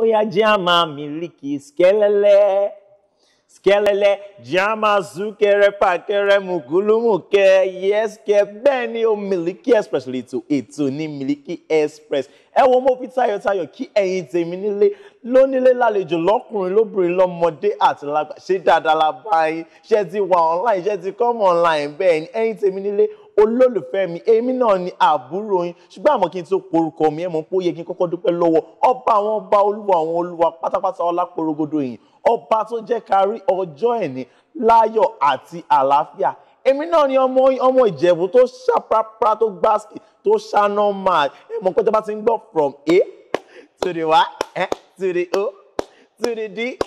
Oya yá jẹ́ àmà mílíkì skẹ́lẹ́lẹ́ skelele jama zukere pakere mugulumuke yeske bẹ́ẹ̀ ni o miliki express lè tó ètò miliki express ẹ wo mo fi tayọ̀tayọ̀ kí ẹ̀yin tèmi nílé lónílé lálejò lọ́kùnrin lóbìnrin lọ́mọdé àti lágbà ṣé dáadáa la bá yín ṣé ti wà online ṣé ti come online bẹ́ẹ̀ ni ẹ̀yin tèmi nílé olólùfẹ́ mi èmi náà ni àbúrò yín ṣùgbọ́n àmọ́ kí n tó porúkọ mi ẹ̀ mọ̀ pé ó yẹ kí n kọ́kọ́ dúpẹ́ lọ́wọ́ ọba àwọn ọba olúwa àwọn olúwa pátápátá ọlá porogodo yìí ọba tó jẹ́ ká rí ọjọ́ ẹ̀ní láyọ̀ àti àlàáfíà èmi náà ni ọmọ ọmọ ìjẹ̀bú tó ṣàpápá tó gbásìkì tó ṣáná máa ẹ mọ̀ pé tó bá ti ń gbọ́ from a to the y to the o to the d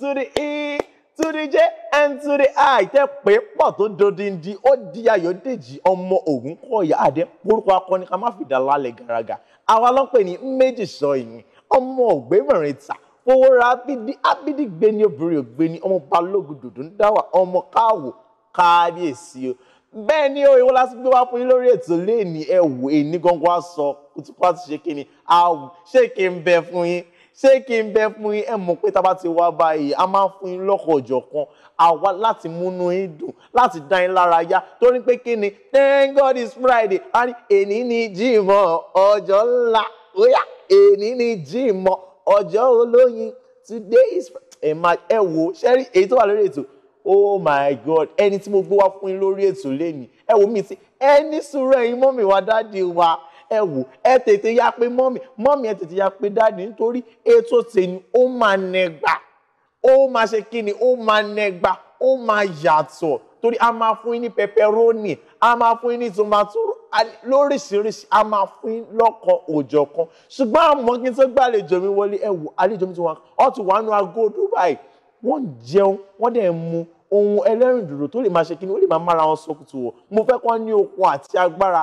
to the e to the j and to the i tẹ́ pé pọ̀ tó dodindi ó di Ayọ̀dèjì ọmọ Ògúnkọ̀yà àdé orúkọ akọni ká má fi dà lálẹ́ gàràgà àwa ló ń pè ní méjì sọ ìyìn ọmọ ògbémọ̀rin ta fowó ra abidi abidi gbé ní obìnrin ògbé ní ọmọ balógun dòdò ń dáwà ọmọ káàwò káàbíyèsí o bẹ́ẹ̀ ni ó ìwọ́n láti gbé wá fún yín lórí ètò léèní ẹ̀wò èní gangan sọ kùtùkù àti ṣé kí ni àwò ṣé kí n bẹ fún yín ṣé kí n bẹ fún yín ẹ mọ̀ pé tábà ti wá báyìí a máa ń fún yín lọ́kọ̀ ọ̀jọ̀kan àwa láti múnú yín dùn láti dá yín lára yá torí pé kí ni thank God it's Friday a ní èní ni Jímọ̀ ọjọ́ ńlá ó èní ni Jímọ̀ ọjọ́ olóyin today is ẹ wo ṣẹ́rí èyí tó wà lórí ètò oh my god ẹni tí mo gbé wá fún yín lórí ètò lẹ́nu ẹ wò mí sí ẹni sùúrù ẹ̀yin mọ́mì wa dáàdi wa ẹ wò ẹ tètè ya pé mọ́mì mọ́mì ẹ tètè ya pé dáàdi nítorí ètò tèmi ó máa nẹgbà ó máa ṣe kí ó máa nẹgbà ó máa yàtọ̀ torí a máa fún yín ní pẹpẹrónì a máa fún yín ní tomato lóríṣiríṣi a máa fún lọ́kọ̀ òjọ̀ kan ṣùgbọ́n àmọ́ kí n tó gbàlejò mi wọlé ẹ wò àlejò mi ti wà ọ́ ti wà nù aago Dubai wọ́n jẹun wọ́n dẹ̀ mu ohun ẹlẹ́rìndòdò tó lè máa ṣe kíni ó lè máa mára wọn sọkùtù wọ̀ mo fẹ́ kọ́ ní okun àti agbára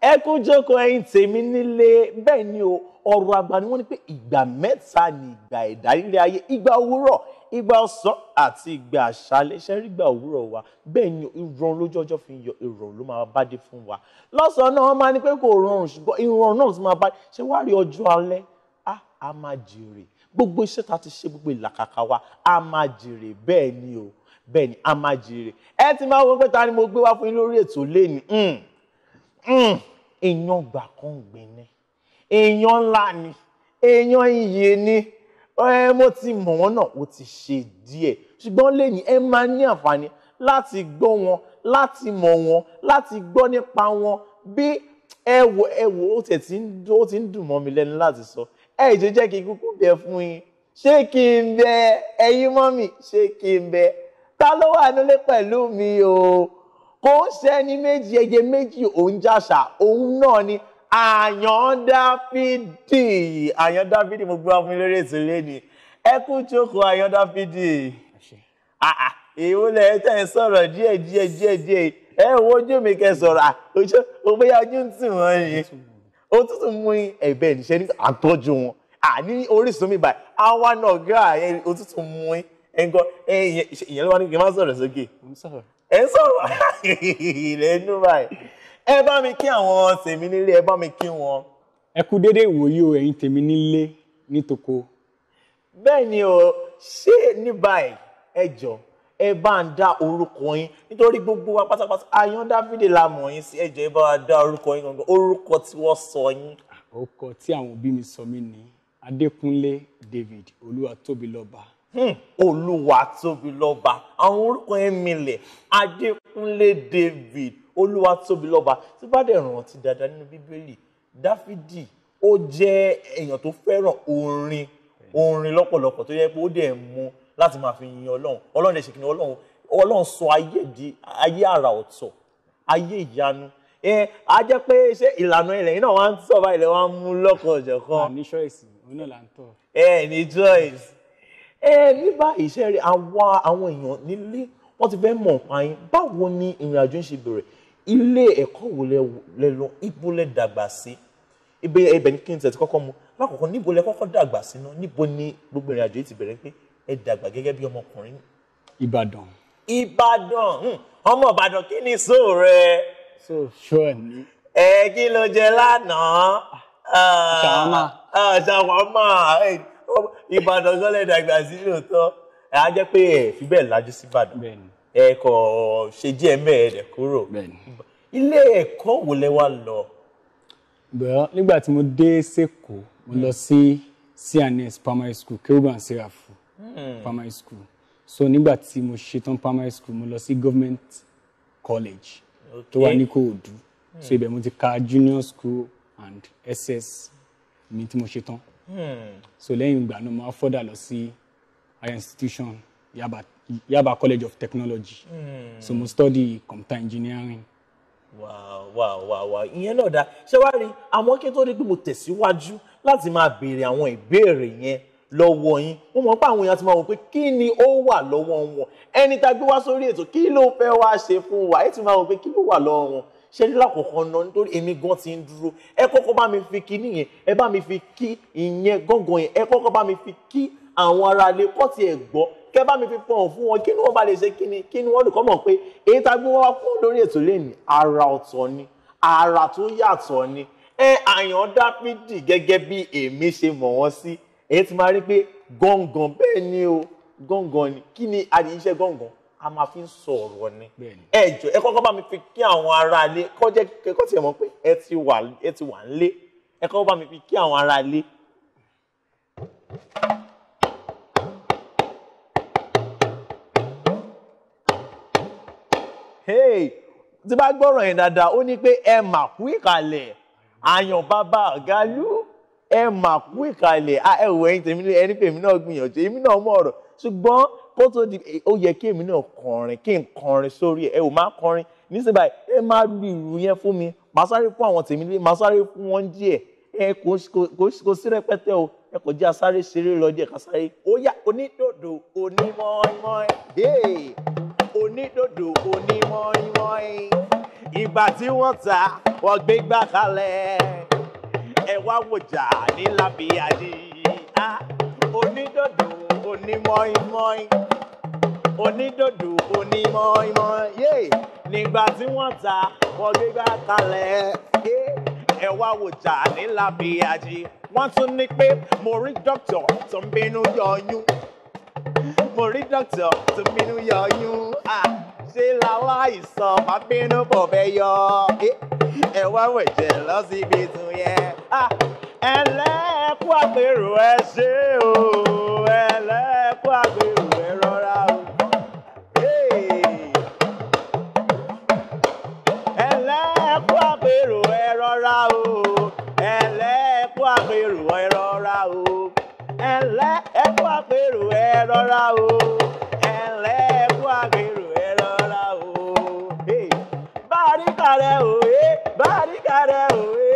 ẹ kú jókòó ẹ̀yin tèmi nílé bẹ́ẹ̀ ni o ọ̀rọ̀ àgbà ni wọ́n ní pé ìgbà mẹ́ta ni ìgbà ẹ̀dá nílé ayé ìgbà òwúrọ̀ ìgbà ọ̀sán àti ìgbà àṣálẹ́ ṣe rí ìgbà òwúrọ̀ wa bẹ́ẹ̀ ni ìrọ̀rùn lójú ọjọ́ fi ń yọ ìrọ̀rùn ló máa bá dé fún wa lọ́sàn náà wọ́n máa ní pé kò rọrùn ṣùgbọ́n ìrọ̀rùn náà ti máa bá ṣe wá rí ọjọ́ alẹ́ a máa jèrè gbogbo iṣẹ́ ta ti ṣe gbogbo ìlàkàkà wa a máa jèrè bẹ́ẹ̀ ni o bẹ́ẹ̀ ni a máa jèrè ẹ ti máa wọ pé ta ni mo gbé wá fún yín lórí ètò lẹ́ni hmm, hmm, èèyàn gbà kan gbìn ni èèyàn ńlá ni èèyàn iyì ni ẹ mo ti mọ̀ wọ́n náà ó ti ṣe díẹ̀ ṣùgbọ́n lẹ́yìn ẹ máa ní àǹfààní láti gbọ́ wọn láti mọ̀ wọn láti gbọ́ nípa wọn bí ẹ wò ẹ wò ó tẹ̀ ti ń dùn mọ́ mi lẹ́nu láti sọ ẹ ìjọ jẹ́ kí n kúkú bẹ fún yín ṣé kí n bẹ ẹ̀yin mọ́mì ṣé kí n bẹ ta ló wà nílé pẹ̀lú mi o kò ń ṣẹ́ni méjì ẹyẹ méjì òun jàṣà òun náà ni àyàn dáfídì àyàn dáfídì mo gbúra fún eléré ìtòlé ni ẹ kú jókòó àyàn dáfídì èwo lẹ tẹ ẹ sọ̀rọ̀ díẹ̀ díẹ̀ díẹ̀ díẹ̀ ẹ wo ojú mi kẹ sọ̀rọ̀ ojú òbẹyà ojú ń tì wọn yìí ó tún tún mú ẹ̀bẹ̀ níṣẹ ní àtọ́jú wọn àní orísun mi báyìí àwa náà gíga ó tún tún mú ẹnkọ ìyẹn ló wà ní kí n má sọ̀rọ̀ sókè ẹ ń sọ̀rọ̀ ilẹ̀ ẹnu báyìí ẹ bá mi kí àwọn tèmi nílé ẹ bá mi kí wọn. ẹ kú dédé ìwòyí o ẹ̀yin tèmi nílé ní toko. bẹ́ẹ̀ ni o ṣé ní báyìí ẹ jọ ẹ bá ń dá orúkọ yín nítorí gbogbo wa pátápátá àyàn dáfídè la mọ̀ yín sí ẹ jọ ẹ bá wa dá orúkọ yín gangan orúkọ tí wọ́n sọ yín. orúkọ tí àwọn òbí mi sọ mí ni adékúnlé david olúwatóbilọ́ba. Hmm, olúwatóbilọ́ba àwọn orúkọ yẹn milẹ̀ adékúnlé. Kúnlé David Olúwatóbilọ́ba tí bá dẹ̀ rántí dáadáa nínú Bíbélì Dáfídì ó jẹ́ èèyàn tó fẹ́ràn orin orin lọ́pọ̀lọpọ̀ tó yẹ pé ó dẹ̀ mú láti máa fi yin Ọlọ́run Ọlọ́run dẹ̀ ṣèkìní Ọlọ́run Ọlọ́run sọ ayé di ayé àrà ọ̀tọ̀ ayé ìyanu ẹ a jẹ pé ṣé ìlànà ilẹ̀ yìí náà wá ń sọ̀bà ilẹ̀ wá ń mú lọ́kọ̀ ọ̀jọ̀ kan. ní choice òun náà là ń tọ̀. ẹ ní choice. ẹ ní báyìí iṣẹ́ rẹ̀ àwa àwọn èèyàn nílé wọ́n ti fẹ́ mọ̀ nípa yín báwo ni ìrìn àjò ń ṣe bẹ̀rẹ̀ ilé ẹ̀kọ́ wo lẹ lọ ibo lẹ dàgbà sí ibẹ̀ ẹbẹ̀ ní kí tẹ̀sí kọ́kọ́ mu lákọ̀ọ́kọ́ níbo lẹ kọ́kọ́ dàgbà sí náà níbo ni gbogbo ìrìn àjò yìí ti bẹ̀rẹ̀ pé ẹ dàgbà gẹ́gẹ́ bí ọmọkùnrin. Ìbàdàn. Ìbàdàn hmm. ọmọ Ìbàdàn kí ni so rẹ. so sure ni. ẹ kí ló jẹ lánàá. ṣàwọn máa. ṣàwọn máa Ìbàdàn gọ́lẹ̀ dàgbà sí lóòótọ́ ẹ á jẹ́ pé ẹ fi bẹ́ẹ̀ lajú sí Ìbàdàn ẹ kò ṣe díẹ̀ mẹ́ẹ̀ ẹ̀dẹ̀ kúrò ilé ẹ̀kọ́ wo lẹ wá lọ. bẹ́ẹ̀ nígbà tí mo dé sẹ́kọ̀ọ́ mo lọ hmm. sí CNS primary school Keruban Serafu hmm. primary school so nígbà tí mo ṣetán primary school mo lọ sí government college tó wà ní Kòòdú hmm. so ibẹ̀ mo ti ka junior school and SS mi tí mo ṣetán so lẹ́yìn ìgbà náà mo á lọ sí. Si higher institution, Yaba, Yaba College of Technology. Mm. So mo study computer engineering. Wow, wow, wow, wow. Ìyẹn náà dáa. Ṣé wàá rí àwọn kí n tó rí pé mo tẹ̀síwájú láti máa béèrè àwọn ìbéèrè yẹn lọ́wọ́ yín. Mo mọ̀ pé àwọn èèyàn ti máa wò pé kí ni ó wà lọ́wọ́ wọn. Ẹni tá a gbé wá sórí ètò kí ló fẹ́ wá ṣe fún wa? Ẹ ti máa wò pé kí ló wà lọ́wọ́ wọn ṣe ní lákòókò náà nítorí èmi gan ti ń dúró ẹ kọ́kọ́ bá mi fi kí nìyẹn ẹ bá mi fi kí ìyẹn gángan yẹn ẹ kọ́kọ́ bá mi fi kí àwọn ará ilé kọ́ ti ẹ̀ gbọ́ kẹ́ bá mi fi pọ̀n fún wọn kí ni wọ́n bá lè ṣe kí ni kí ni wọ́n lè kọ́ mọ̀ pé èyí tá a gbé wá fún lórí ètò lẹ́nu ara ọ̀tọ̀ ni ara tó yàtọ̀ ni ẹ àyàn dápídì gẹ́gẹ́ bí èmi ṣe mọ̀ wọ́n sí èyí ti máa rí pé gángan bẹ́ẹ̀ ni o gángan ni kí ni àdìyíṣẹ́ gángan a máa fi ń sọ̀rọ̀ ni ẹ jọ ẹ kọ́kọ́ bá mi fi kí àwọn ará ilé kọ́ jẹ́ kẹ́kọ́ tiẹ̀ mọ̀ pé ẹ ti wà ńlé ẹ kọ́kọ́ bá mi fi kí àwọn ará ilé Hey, tí bá gbọ́ràn yẹn dáadáa ó ní pé ẹ mà kú ìkàlẹ̀ àyàn bàbá àgálù ẹ mà kú ìkàlẹ̀ ẹ wò ẹ̀yin tèmi ẹni pé èmi náà gbìyànjú èmi náà mọ̀ ọ̀rọ̀ ṣùgbọ́n kó tó di ó yẹ kí èmi náà kọrin kí n kọrin sórí ẹ ò má kọrin nísìnyí báyìí ẹ má lu ìlú yẹn fún mi màá sáré fún àwọn tèmi lé màá sáré fún wọn díẹ̀ ẹ kò sí rẹpẹtẹ o ẹ kò jẹ́ asáré ṣeré lọ díẹ̀ kásáré ó yá onídòdò onímọ̀ọ́mọ́ onídòdò onímọ̀ọ́yìnmọ́ọ́yìn ìgbà tí wọ́n ta wọ́n gbé gbá kalẹ̀ ẹ wá wòjà ní lábíyàdí onídòdò onímọ̀ọ́yìnmọ́ọ́yìn onídòdò onímọ̀ọ́yìnmọ́ọ́yìn nígbà tí wọ́n ta wọ́n gbé gbá kalẹ̀ ẹ wá wòjà ní lábíyàdí wọ́n tún ní pé mo rí dókítà tó ń bínú yọyún to you, ah. mo rí dọ́kítọ̀ tó bínú yọ yún ṣé láláìsàn máa bínú bò bẹ́ yọ ẹ wá Ah. lọ́sibítù yẹn ẹlẹ́ẹ̀kú àpérò ẹ ṣé o ẹlẹ́ẹ̀kú àpérò ẹ rọra o. ẹlẹ́ẹ̀kú àpérò ẹ rọra o ẹlẹ́ẹ̀kú àpérò ẹ rọra o ẹlẹ́ẹ̀kú àpérò ẹ rọra o ẹ ǹlẹ́ ẹ kú àpérò ẹ rọra o bá a rí kàrẹ́ òye bá a rí kàrẹ́ òye.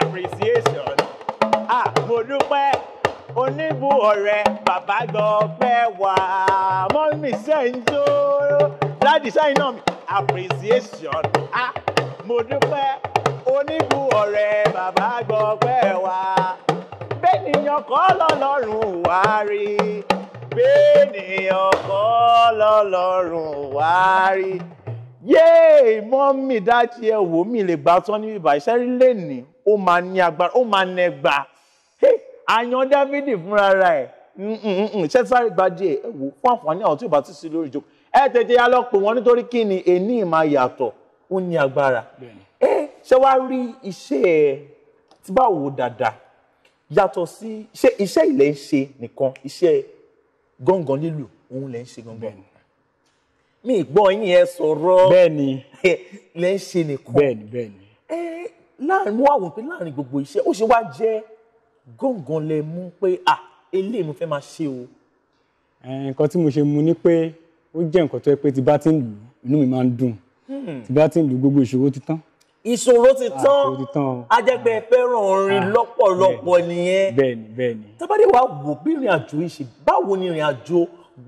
appreciation. Ah, mo dúpẹ́ oníbu ọ̀rẹ́ bàbá gbọ́ pẹ́ wá mọ́mí sẹ́ńjó láti sẹ́yìn náà appreciation ah mo dúpẹ́ oníbu ọ̀rẹ́ bàbá gbọ́ pẹ́ wá bẹ́ẹ̀nìyàn kọ́ lọ́lọ́run wá rí bẹ́ẹ̀nìyàn kọ́ lọ́lọ́run wá rí yéè mọ́mí dájú ẹ̀ wò mí lè gbà tán níbi ìbàṣẹ́rí lẹ́nìí ó máa ní agbára ó máa nẹgbàá àyàn dávidi fúnra ra ẹ̀ ṣe sáré gbajì ẹ̀ wò fún àǹfààní àwọn tí ò bá ti sí lórí ìjókòó ẹ tètè yá lọ pè wọ́n nítorí kí ni èní máa yàtọ̀ ó ní agbára ẹ ṣé wàá rí iṣẹ́ ẹ tí bá wò dáadáa yàtọ̀ sí ṣé iṣẹ́ ilẹ̀ ń ṣe nìkan iṣẹ́ gángan lílù òun lẹ̀ ń ṣe gángan mi gbọ́ yín ẹ sọ̀rọ̀ bẹ́ẹ̀ni lẹ́ ń ṣe nìkan bẹ́ẹ̀ni bẹ́ẹ̀ni ẹ láàrin wọ́n àwọn pé láàrin gbogbo iṣẹ́ ó ṣe wá jẹ́ gángan lẹ mú pé à eléyìí mo fẹ́ máa ṣe o. nǹkan tí mo ṣe mu ni pé ó jẹ́ nǹkan tó yẹ pé tí bá ti ń lù inú mi máa ń dùn hmm. tí bá ti ń lù gbogbo ìṣòro ti tán. ìṣòro ti tán a jẹ́ pé ẹ fẹ́ràn orin lọ́pọ̀lọpọ̀ nìyẹn. bẹ́ẹ̀ni bẹ́ẹ̀ni. tábàdé wa wò bí ìrìn àjò yìí ṣe báwo ni ìrìn àjò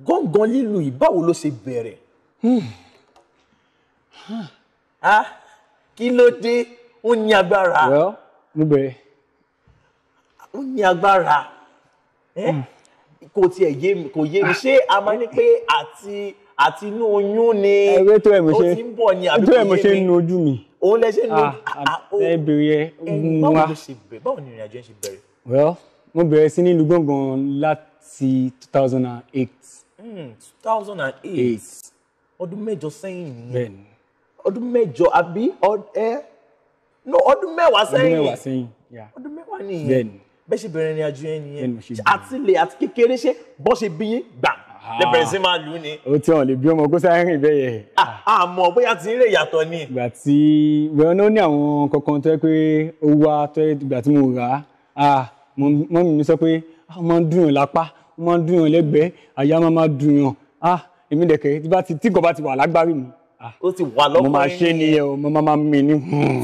gángan lílù yìí báwo ló ṣe bẹ̀rẹ̀. Hmm. Ah, kí ló dé ó ní agbára. mo bẹ̀rẹ̀ ó ní agbára eh? hmm. kò tiẹ̀ yé mi kò yé mi ṣé a máa ní pé àti àti inú oyún ni eh, ó ti ń bọ̀ ni àbí kò yé mi. ètò ẹ̀ mo ṣe ń nu ojú mi. òun lẹ ṣe ń nu ẹ bèrè ẹ ń wá báwo ni ìrìnàjò ẹ ṣe bẹ̀rẹ̀. well mo bẹ̀rẹ̀ sí ní gbọ̀ngàn láti two thousand and eight. Hmm, two thousand and eight ọdún mẹ́jọ sẹ́yìn nìyẹn ọdún mẹ́jọ àbí eh? ọdún mẹ́wàá sẹ́yìn ọdún mẹ́wàá sẹ́yìn ọdún mẹ́wàá nìyẹn bẹ́ẹ̀ ṣe bẹ̀rẹ̀ ìrìn àjò yẹn nìyẹn àtìlẹ̀ àti kékeré ṣe bọ́ ṣe bí yín gbà lẹ́bẹ̀rẹ̀ sí máa lù ní. o tí wọn lè bí ọmọ kó sáré rìn bẹ́ẹ̀ yẹn. àmọ́ bóyá ti ń rè yàtọ̀ ni. ìgbà tí wẹ́n náà ní àwọn kankan tó yẹ pé ó wá tó yẹ ìgbà tí mo rà á mọ́ mi sọ pé ah, ó máa ń dùn yàn lápá ó máa ń dùn yàn lẹ́gbẹ̀ẹ́ àyà máa máa dùn yàn èmi dẹ̀kẹ́ tí nǹkan ti wà lágbárí mi Ah. ó ti wà lọ́kùnrin. mo máa ṣe nìyẹn o mo máa mi ní.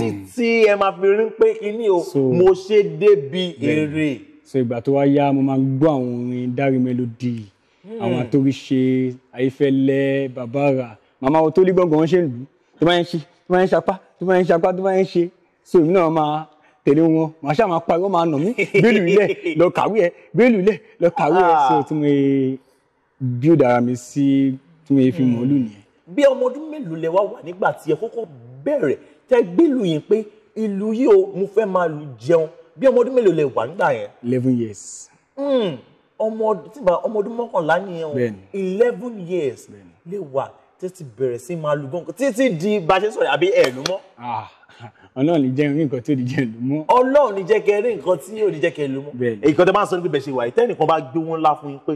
títí ẹ máa fi rí pé kíní o mo ṣe débi èrè. so ìgbà tó wá yá mo máa gbọ́ àwọn orin dárí mélòdì hmm. àwọn àtòríṣe ayífẹ́lẹ́ bàbára màmá wo tó lé gbọ̀ngàn ṣe lù tó máa ń ṣe tó máa ń ṣapá tó máa ń ṣapá tó máa ń ṣe so èmi náà máa tẹ̀lé wọn màá ṣáà máa pariwo máa nà mí bẹ́ẹ̀lù ilẹ̀ lọ kàwé ẹ bẹ́ẹ̀lù ilẹ̀ lọ kàwé ẹ ah. so tí mo build ara mi sí tí mo fi mọ̀ ọ́ lù bí ọmọ ọdún mélòó lẹ wá wà nígbà tí ẹ kọ́kọ́ bẹ̀rẹ̀ tẹ gbélu yín pé ìlú yìí o mo fẹ́ máa lu jẹun bí ọmọ ọdún mélòó lẹ wà nígbà yẹn. eleven years. Hmm, ọmọ tíba ọmọ ọdún mọ́kànlá nìyẹn o eleven years lè wà títí bẹ̀rẹ̀ sí máa lu gan títí di bá a ṣe sọ̀rọ̀ àbí ẹ̀ ló ah, mọ́. Ọlọ́run ní jẹ́ rí nǹkan tí ò ní jẹ́ ìlú mọ́. Ọlọ́run ní jẹ́ kẹ́ rí nǹkan tí ò ní jẹ́ kẹ́ ìlú mọ́. èyí kan tẹ́ máa ń sọ níbi bẹ̀ ṣe wà yìí tẹ́nìkan bá gbé wọn ńlá fún yín pé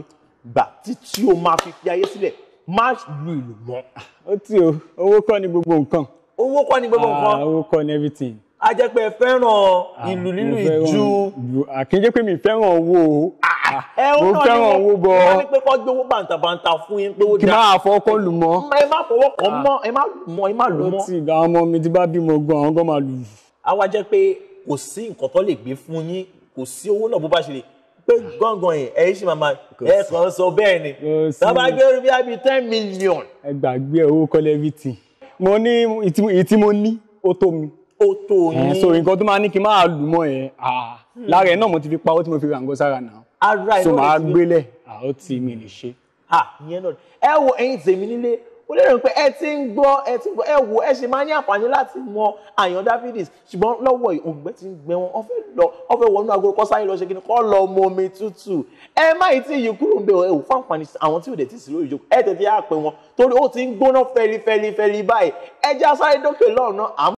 gbà títí o máa fi fi ayé sílẹ̀ March lu ìlù mọ́. ó ti o owó kọ́ ni gbogbo nǹkan. owó kọ́ ni gbogbo nǹkan. Ah, owó kọ́ ni everything. a jẹ́ pé ẹ fẹ́ràn ah, ìlù lílù ìjù. àkínjẹ́ ah, pé mi fẹ́ràn owó o mo fẹ́ràn owó bọ ẹ ní pé kọ́ gbowó bàǹtàbàǹtà fún yín pé ó dáa kì máa fọwọ́ lù mọ́ ẹ má fọwọ́ mọ́ ẹ má mọ́ ẹ má lù mọ́. ti àwọn ọmọ mi ti bá bímọ gan àwọn gan máa lù. àwa jẹ́ pé kò sí nǹkan tó lè gbé fún yín kò sí owó náà bó bá ṣe lè pé gángan yìí ẹ̀yin sì máa ẹ kàn sọ bẹ́ẹ̀ ni tó bá gbé orí bíi ten million. ẹ gbàgbé owó kọ́lẹ́bìtì mo ní ìtí mo ní ó tó mi ó tó yín. so nǹkan tó máa ní kí n máa lù mọ́ yẹn hmm. lára ẹ̀ náà mo ti fi pawó tí mo fi ra nǹkan sára náà. ara ẹ̀ náà ti so máa gbélé àwọn tí mi lè ṣe. ẹ wo ẹ̀yin tèmi nílé ó lérò pé ẹ ti ń gbọ́ ẹ ti ń gbọ́ ẹ wò ẹ ṣe máa ní àǹfààní láti mọ àyàn Davidis ṣùgbọ́n lọ́wọ́ òǹgbẹ ti ń gbẹ wọn wọ́n fẹ́ lọ wọ́n fẹ́ wọnú agolo kọsáyé lọ ṣe kí ni kọ lọ mọ omi tútù ẹ má yìí tí yìí kúrò ń bẹ ẹ wò fún àǹfààní àwọn tí ò dé tí sí lórí ìjókòó ẹ tètè á pè wọn torí ó ti ń gbóná fẹlifẹlifẹli báyìí ẹ já sáré dókè lọ́ọ̀nà